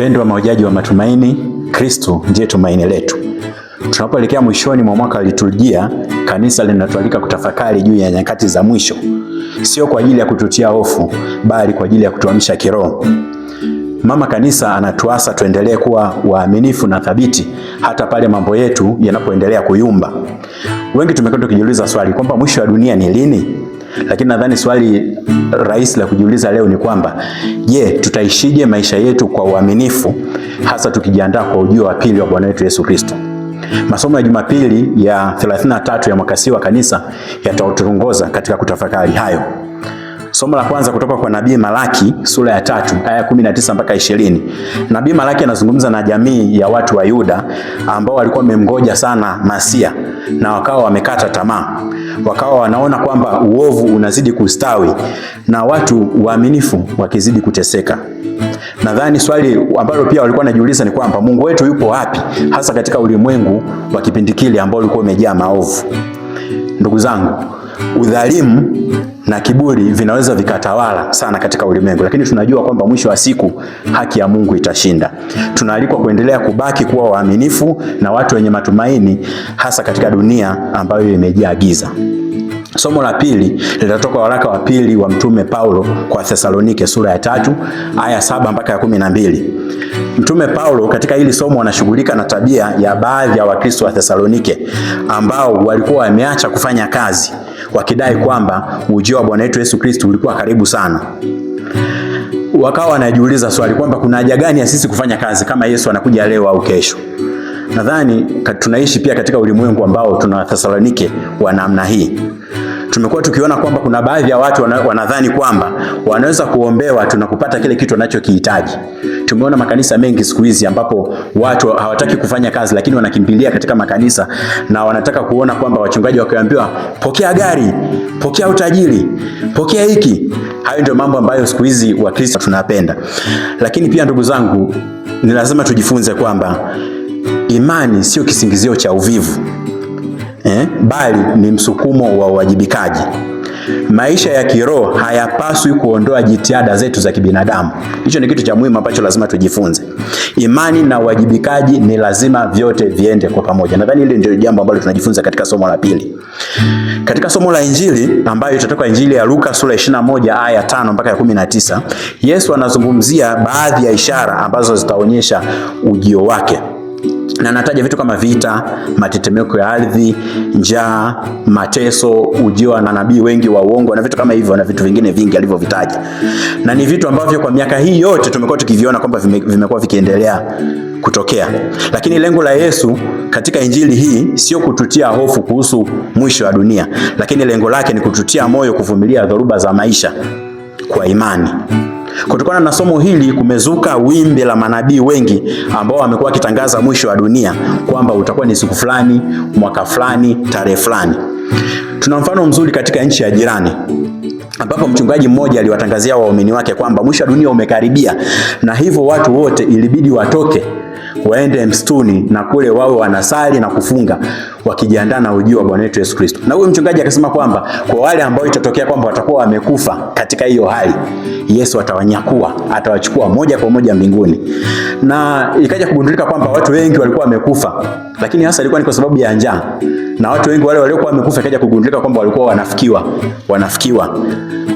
Wapendwa mahujaji wa matumaini, Kristo ndiye tumaini letu. Tunapoelekea mwishoni mwa mwaka wa liturujia, kanisa linatualika kutafakari juu ya nyakati za mwisho, sio kwa ajili ya kututia hofu, bali kwa ajili ya kutuamsha kiroho. Mama Kanisa anatuasa tuendelee kuwa waaminifu na thabiti hata pale mambo yetu yanapoendelea kuyumba. Wengi tumekuwa tukijiuliza swali kwamba mwisho wa dunia ni lini? Lakini nadhani swali rahisi la kujiuliza leo ni kwamba je, tutaishije maisha yetu kwa uaminifu, hasa tukijiandaa kwa ujio wa pili wa Bwana wetu Yesu Kristo? Masomo ya Jumapili ya 33 ya mwaka C wa kanisa yatatuongoza katika kutafakari hayo. Somo la kwanza kutoka kwa nabii Malaki sura ya tatu aya 19 mpaka 20. Nabii Malaki anazungumza na jamii ya watu wa Yuda ambao walikuwa wamemgoja sana Masia na wakawa wamekata tamaa, wakawa wanaona kwamba uovu unazidi kustawi na watu waaminifu wakizidi kuteseka. Nadhani swali ambalo pia walikuwa wanajiuliza ni kwamba Mungu wetu yupo wapi, hasa katika ulimwengu wa kipindi kile ambao ulikuwa umejaa maovu. Ndugu zangu, udhalimu na kiburi vinaweza vikatawala sana katika ulimwengu, lakini tunajua kwamba mwisho wa siku haki ya Mungu itashinda. Tunaalikwa kuendelea kubaki kuwa waaminifu na watu wenye matumaini, hasa katika dunia ambayo imejaa giza. Somo la pili litatoka waraka wa pili wa Mtume Paulo kwa Thesalonike sura ya tatu aya saba mpaka ya kumi na mbili. Mtume Paulo katika hili somo anashughulika na tabia ya baadhi ya Wakristo wa Thesalonike ambao walikuwa wameacha kufanya kazi wakidai kwamba ujio wa Bwana wetu Yesu Kristo ulikuwa karibu sana. Wakawa wanajiuliza swali kwamba kuna haja gani ya sisi kufanya kazi kama Yesu anakuja leo au kesho? Nadhani tunaishi pia katika ulimwengu ambao tuna thesalonike wa namna hii tumekuwa tukiona kwamba kuna baadhi ya watu wanadhani kwamba wanaweza kuombewa tuna kupata kile kitu wanachokihitaji. Tumeona makanisa mengi siku hizi ambapo watu hawataki kufanya kazi, lakini wanakimbilia katika makanisa na wanataka kuona kwamba wachungaji wakiambiwa, pokea gari, pokea utajiri, pokea hiki. Hayo ndio mambo ambayo siku hizi Wakristo tunapenda. Lakini pia ndugu zangu, ni lazima tujifunze kwamba imani sio kisingizio cha uvivu eh, bali ni msukumo wa uwajibikaji. Maisha ya kiroho hayapaswi kuondoa jitihada zetu za kibinadamu. Hicho ni kitu cha muhimu ambacho lazima tujifunze. Imani na uwajibikaji ni lazima, vyote viende kwa pamoja. Nadhani hili ndio jambo ambalo tunajifunza katika somo la pili, katika somo la Injili ambayo itatoka Injili ya Luka sura 21 aya tano mpaka ya 19. Yesu anazungumzia baadhi ya ishara ambazo zitaonyesha ujio wake na nataja vitu kama vita, matetemeko ya ardhi, njaa, mateso, ujio na nabii wengi wa uongo na vitu kama hivyo na vitu vingine vingi alivyovitaja. Na ni vitu ambavyo kwa miaka hii yote tumekuwa tukiviona kwamba vimekuwa vikiendelea kutokea. Lakini lengo la Yesu katika injili hii sio kututia hofu kuhusu mwisho wa dunia, lakini lengo lake ni kututia moyo kuvumilia dhoruba za maisha kwa imani. Kutokana na somo hili kumezuka wimbi la manabii wengi ambao wamekuwa wakitangaza mwisho wa dunia kwamba utakuwa ni siku fulani, mwaka fulani, tarehe fulani. Tuna mfano mzuri katika nchi ya jirani ambapo mchungaji mmoja aliwatangazia waumini wake kwamba mwisho wa dunia umekaribia, na hivyo watu wote ilibidi watoke waende msituni na kule wawe wanasali na kufunga wakijiandaa na ujio wa Bwana wetu Yesu Kristo. Na huyo mchungaji akasema kwamba kwa wale ambao itatokea kwamba watakuwa wamekufa katika hiyo hali, Yesu atawanyakua, atawachukua moja kwa moja mbinguni. Na ikaja kugundulika kwamba watu wengi walikuwa wamekufa, lakini hasa ilikuwa ni kwa sababu ya njaa. Na watu wengi wale waliokuwa wamekufa ikaja kugundulika kwamba walikuwa wanafikiwa, wanafikiwa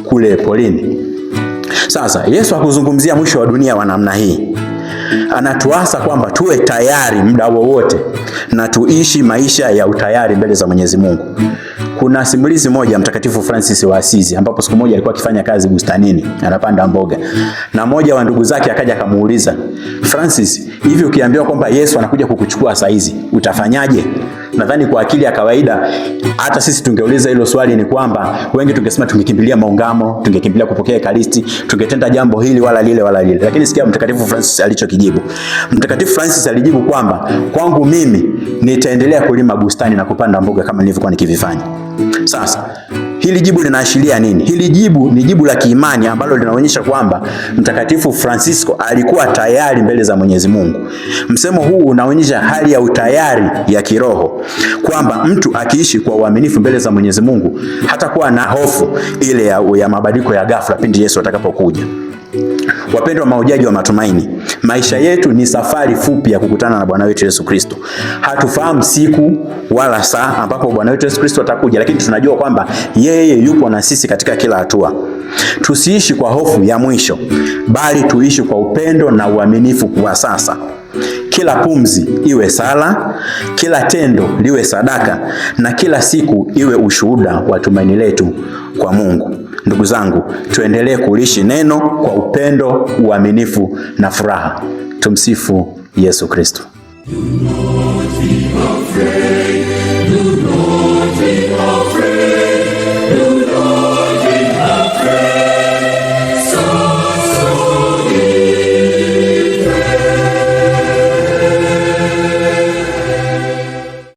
kule polini. Sasa Yesu hakuzungumzia mwisho wa dunia wa namna hii anatuasa kwamba tuwe tayari muda wowote na tuishi maisha ya utayari mbele za Mwenyezi Mungu. Kuna simulizi moja Mtakatifu Francis wa Asizi, ambapo siku moja alikuwa akifanya kazi bustanini, anapanda mboga, na mmoja wa ndugu zake akaja akamuuliza, Francis, hivi ukiambiwa kwamba Yesu anakuja kukuchukua saa hizi utafanyaje? Nadhani kwa akili ya kawaida hata sisi tungeuliza hilo swali, ni kwamba wengi tungesema tungekimbilia maungamo, tungekimbilia kupokea Ekaristi, tungetenda jambo hili wala lile wala lile. Lakini sikia Mtakatifu Francis alichokijibu. Mtakatifu Francis alijibu kwamba kwangu mimi nitaendelea kulima bustani na kupanda mboga kama nilivyokuwa nikivifanya. Sasa Hili jibu linaashiria nini? Hili jibu ni jibu la kiimani ambalo linaonyesha kwamba Mtakatifu Francisco alikuwa tayari mbele za Mwenyezi Mungu. Msemo huu unaonyesha hali ya utayari ya kiroho kwamba mtu akiishi kwa uaminifu mbele za Mwenyezi Mungu hatakuwa na hofu ile ya, ya mabadiliko ya ghafla pindi Yesu atakapokuja. Wapendwa mahujaji wa matumaini, maisha yetu ni safari fupi ya kukutana na Bwana wetu Yesu Kristo. Hatufahamu siku wala saa ambapo Bwana wetu Yesu Kristo atakuja, lakini tunajua kwamba yeye yupo na sisi katika kila hatua. Tusiishi kwa hofu ya mwisho, bali tuishi kwa upendo na uaminifu kwa sasa. Kila pumzi iwe sala, kila tendo liwe sadaka, na kila siku iwe ushuhuda wa tumaini letu kwa Mungu. Ndugu zangu, tuendelee kulishi neno kwa upendo, uaminifu na furaha. Tumsifu Yesu Kristo. Do not be afraid. Do not be afraid.